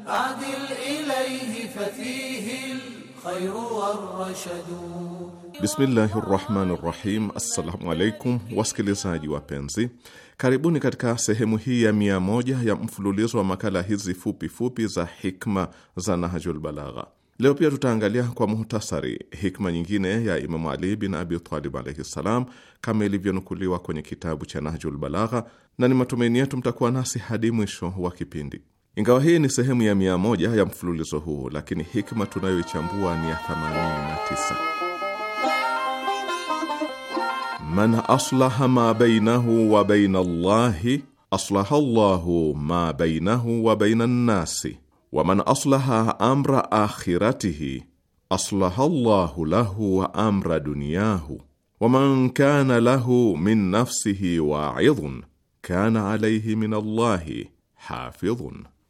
[SPEAKER 4] أعدل إليه ففيه الخير والرشد
[SPEAKER 6] بسم الرحمن الرحيم السلام عليكم alaikum wasikilizaji وابنزي Karibuni katika sehemu hii ya mia moja ya mfululizo wa makala hizi fupi fupi za hikma za Nahjul Balagha. Leo pia tutaangalia kwa muhtasari hikma nyingine ya Imamu Ali bin Abi Talib alaihi ssalam, kama ilivyonukuliwa kwenye kitabu cha Nahjul Balagha, na ni matumaini yetu mtakuwa nasi hadi mwisho wa kipindi. Ingawa hii ni sehemu ya mia moja ya mfululizo huu, lakini hikma tunayoichambua ni ya 89. من أصلح ما بينه وبين الله أصلح الله ما بينه وبين الناس ومن أصلح أمر آخرته أصلح الله له أمر دنياه ومن كان له من نفسه واعظ كان عليه من الله حافظ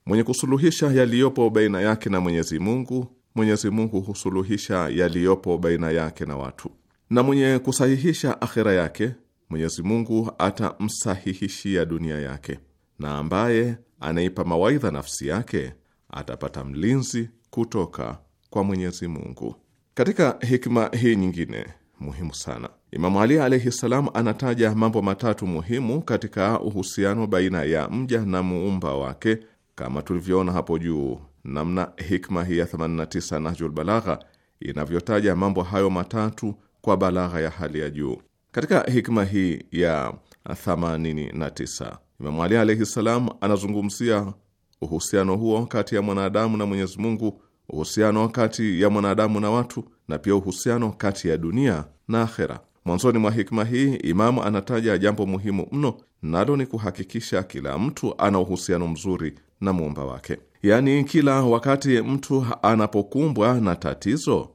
[SPEAKER 6] mwenye kusuluhisha yaliyopo baina yake na Mwenyezi Mungu Mwenyezi Mungu husuluhisha yaliyopo baina yake na watu na mwenye kusahihisha akhera yake Mwenyezi Mungu atamsahihishia dunia yake, na ambaye anaipa mawaidha nafsi yake atapata mlinzi kutoka kwa Mwenyezi Mungu. Katika hikma hii nyingine muhimu sana, Imamu Ali alaihi ssalam anataja mambo matatu muhimu katika uhusiano baina ya mja na muumba wake, kama tulivyoona hapo juu namna hikma hii ya 89 Nahjul Balagha inavyotaja mambo hayo matatu kwa balagha ya hali ya juu. Katika hikma hii ya 89 Imamu Ali alaihi ssalam anazungumzia uhusiano huo kati ya mwanadamu na Mwenyezi Mungu, uhusiano kati ya mwanadamu na watu, na pia uhusiano kati ya dunia na akhera. Mwanzoni mwa hikma hii Imamu anataja jambo muhimu mno, nalo ni kuhakikisha kila mtu ana uhusiano mzuri na muumba wake, yaani kila wakati mtu anapokumbwa na tatizo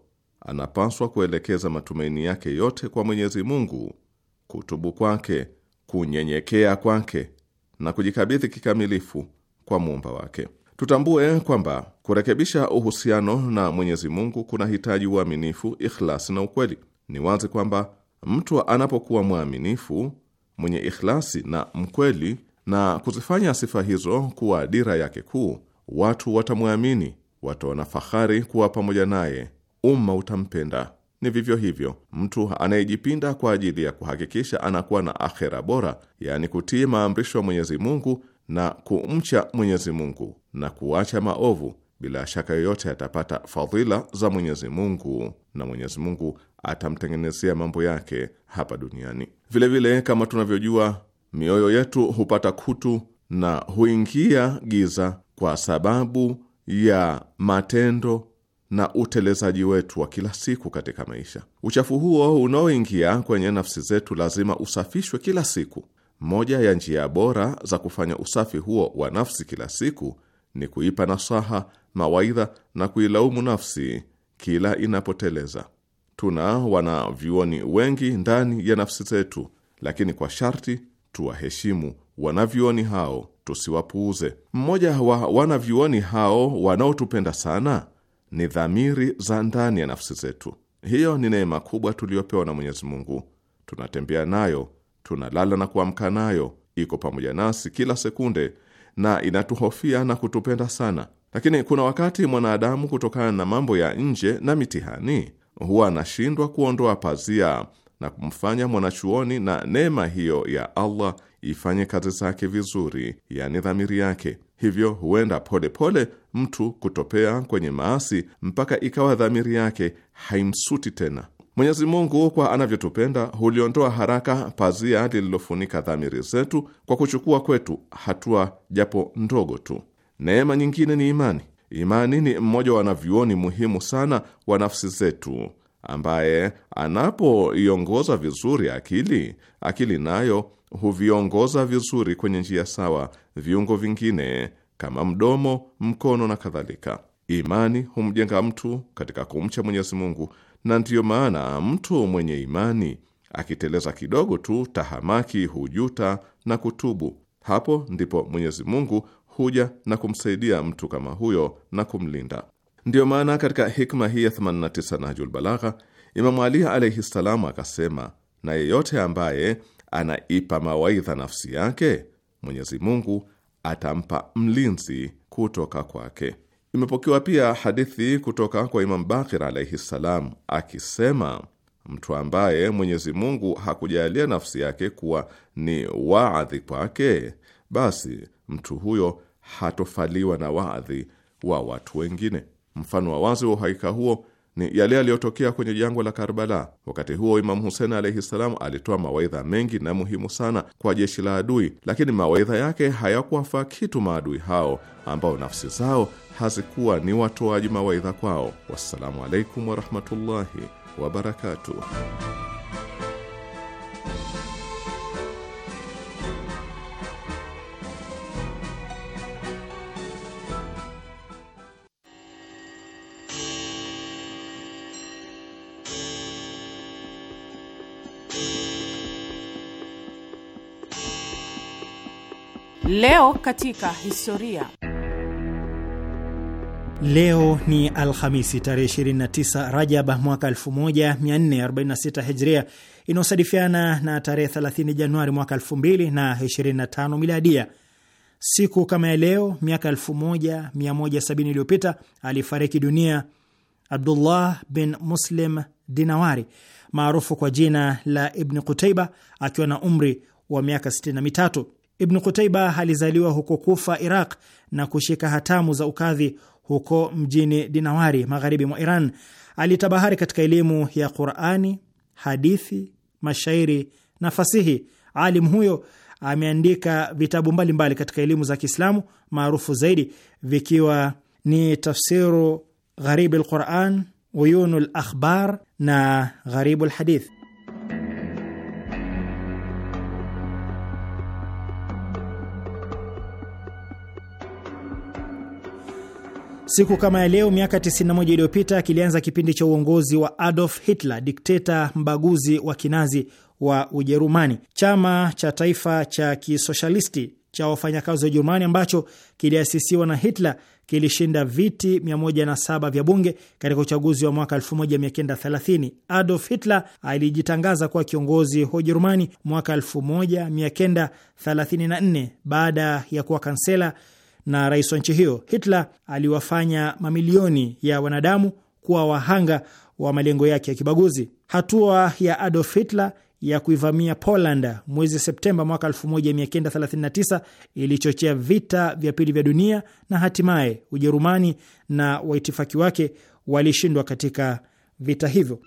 [SPEAKER 6] anapaswa kuelekeza matumaini yake yote kwa Mwenyezi Mungu, kutubu kwake, kunyenyekea kwake na kujikabidhi kikamilifu kwa muumba wake. Tutambue kwamba kurekebisha uhusiano na Mwenyezi Mungu kunahitaji uaminifu, ikhlasi na ukweli. Ni wazi kwamba mtu anapokuwa mwaminifu, mwenye ikhlasi na mkweli na kuzifanya sifa hizo kuwa dira yake kuu, watu watamwamini, wataona fahari kuwa pamoja naye umma utampenda. Ni vivyo hivyo mtu anayejipinda kwa ajili ya kuhakikisha anakuwa na akhera bora, yaani kutii maamrisho ya Mwenyezi Mungu na kumcha Mwenyezi Mungu na kuacha maovu, bila shaka yoyote atapata fadhila za Mwenyezi Mungu na Mwenyezi Mungu atamtengenezea mambo yake hapa duniani. Vilevile vile, kama tunavyojua mioyo yetu hupata kutu na huingia giza kwa sababu ya matendo na utelezaji wetu wa kila siku katika maisha. Uchafu huo unaoingia kwenye nafsi zetu lazima usafishwe kila siku. Moja ya njia bora za kufanya usafi huo wa nafsi kila siku ni kuipa nasaha, mawaidha na kuilaumu nafsi kila inapoteleza. Tuna wanavyuoni wengi ndani ya nafsi zetu, lakini kwa sharti tuwaheshimu wanavyuoni hao, tusiwapuuze. Mmoja wa wanavyuoni hao wanaotupenda sana ni dhamiri za ndani ya nafsi zetu. Hiyo ni neema kubwa tuliyopewa na Mwenyezi Mungu. Tunatembea nayo, tunalala na kuamka nayo, iko pamoja nasi kila sekunde na inatuhofia na kutupenda sana. Lakini kuna wakati mwanadamu, kutokana na mambo ya nje na mitihani, huwa anashindwa kuondoa pazia na kumfanya mwanachuoni na neema hiyo ya Allah ifanye kazi zake vizuri, yani dhamiri yake. Hivyo huenda polepole pole mtu kutopea kwenye maasi mpaka ikawa dhamiri yake haimsuti tena. Mwenyezi Mungu kwa anavyotupenda huliondoa haraka pazia lililofunika dhamiri zetu kwa kuchukua kwetu hatua japo ndogo tu. Neema nyingine ni imani. Imani ni mmoja wa wanavyuoni muhimu sana wa nafsi zetu, ambaye anapoiongoza vizuri akili, akili nayo huviongoza vizuri kwenye njia sawa viungo vingine kama mdomo, mkono na kadhalika. Imani humjenga mtu katika kumcha Mwenyezi Mungu, na ndiyo maana mtu mwenye imani akiteleza kidogo tu tahamaki hujuta na kutubu. Hapo ndipo Mwenyezi Mungu huja na kumsaidia mtu kama huyo na kumlinda. Ndiyo maana katika hikma hii ya 89 Nahjul Balagha, Imamu Ali alaihi ssalamu akasema, na yeyote ambaye anaipa mawaidha nafsi yake Mwenyezi Mungu atampa mlinzi kutoka kwake. Imepokewa pia hadithi kutoka kwa Imam Bakir alaihi ssalam akisema, mtu ambaye Mwenyezi Mungu hakujalia nafsi yake kuwa ni waadhi kwake, basi mtu huyo hatofaliwa na waadhi wa watu wengine. Mfano wa wazi wa uhakika huo ni yale yaliyotokea kwenye jangwa la Karbala. Wakati huo Imamu Husen alaihi ssalam alitoa mawaidha mengi na muhimu sana kwa jeshi la adui, lakini mawaidha yake hayakuwafaa kitu maadui hao ambao nafsi zao hazikuwa ni watoaji mawaidha kwao. Wassalamu alaikum warahmatullahi wabarakatuh.
[SPEAKER 2] Leo katika historia.
[SPEAKER 1] Leo ni Alhamisi tarehe 29 Rajab mwaka 1446 Hijria, inayosadifiana na tarehe 30 Januari mwaka 2025 Miladia. Siku kama ya leo miaka 1170 iliyopita alifariki dunia Abdullah bin Muslim Dinawari maarufu kwa jina la Ibni Qutaiba akiwa na umri wa miaka 63. Ibnu Qutaiba alizaliwa huko Kufa, Iraq, na kushika hatamu za ukadhi huko mjini Dinawari, magharibi mwa Iran. Alitabahari katika elimu ya Qurani, hadithi, mashairi na fasihi. Alim huyo ameandika vitabu mbalimbali mbali katika elimu za Kiislamu, maarufu zaidi vikiwa ni Tafsiru Gharibi lquran, Uyunu lakhbar na Gharibu lhadith. Siku kama ya leo miaka 91 iliyopita kilianza kipindi cha uongozi wa Adolf Hitler, dikteta mbaguzi wa kinazi wa Ujerumani. Chama cha taifa cha kisoshalisti cha wafanyakazi wa Ujerumani ambacho kiliasisiwa na Hitler kilishinda viti 107 vya bunge katika uchaguzi wa mwaka 1930. Adolf Hitler alijitangaza kuwa kiongozi wa Ujerumani mwaka 1934 baada ya kuwa kansela na rais wa nchi hiyo. Hitler aliwafanya mamilioni ya wanadamu kuwa wahanga wa malengo yake ya kibaguzi. Hatua ya Adolf Hitler ya kuivamia Poland mwezi Septemba mwaka 1939 ilichochea vita vya pili vya dunia na hatimaye Ujerumani na waitifaki wake walishindwa katika vita hivyo.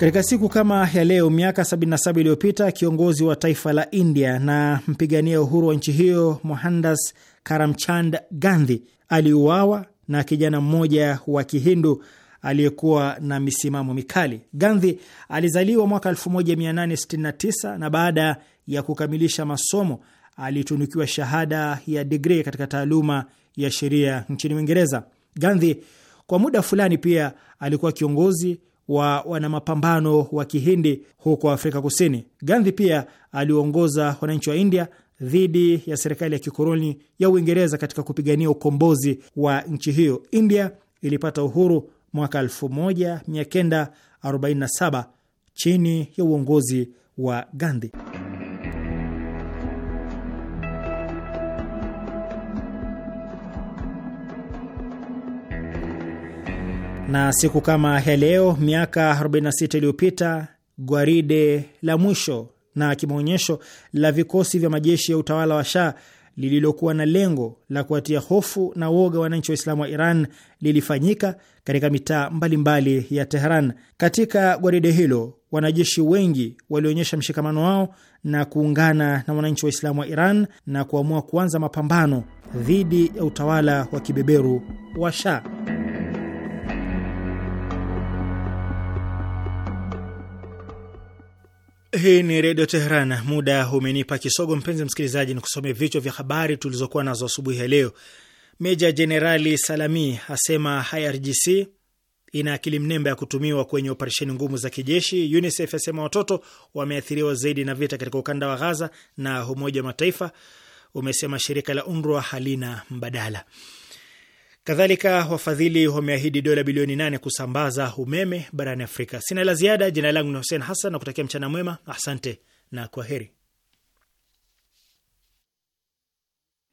[SPEAKER 1] Katika siku kama ya leo miaka 77 iliyopita kiongozi wa taifa la India na mpigania uhuru wa nchi hiyo Mohandas Karamchand Gandhi aliuawa na kijana mmoja wa Kihindu aliyekuwa na misimamo mikali. Gandhi alizaliwa mwaka 1869 na baada ya kukamilisha masomo alitunukiwa shahada ya digrii katika taaluma ya sheria nchini Uingereza. Gandhi kwa muda fulani pia alikuwa kiongozi wa wanamapambano wa Kihindi huko Afrika Kusini. Gandhi pia aliongoza wananchi wa India dhidi ya serikali ya kikoloni ya Uingereza katika kupigania ukombozi wa nchi hiyo. India ilipata uhuru mwaka 1947 chini ya uongozi wa Gandhi. Na siku kama ya leo miaka 46 iliyopita gwaride la mwisho na kimaonyesho la vikosi vya majeshi ya utawala wa Shah lililokuwa na lengo la kuwatia hofu na woga wananchi wa Islamu wa Iran lilifanyika katika mitaa mbalimbali ya Teheran. Katika gwaride hilo, wanajeshi wengi walionyesha mshikamano wao na kuungana na wananchi wa Islamu wa Iran na kuamua kuanza mapambano dhidi ya utawala wa kibeberu wa Shah. Hii ni Redio Teheran. Muda umenipa kisogo, mpenzi msikilizaji, ni kusomea vichwa vya habari tulizokuwa nazo asubuhi ya leo. Meja Jenerali Salami asema IRGC ina akili mnemba ya kutumiwa kwenye operesheni ngumu za kijeshi. UNICEF asema watoto wameathiriwa zaidi na vita katika ukanda wa Ghaza, na Umoja wa Mataifa umesema shirika la UNRWA halina mbadala. Kadhalika, wafadhili wameahidi dola bilioni nane kusambaza umeme barani Afrika. Sina la ziada. Jina langu ni Hussein Hassan na kutakia mchana mwema. Asante na kwa heri.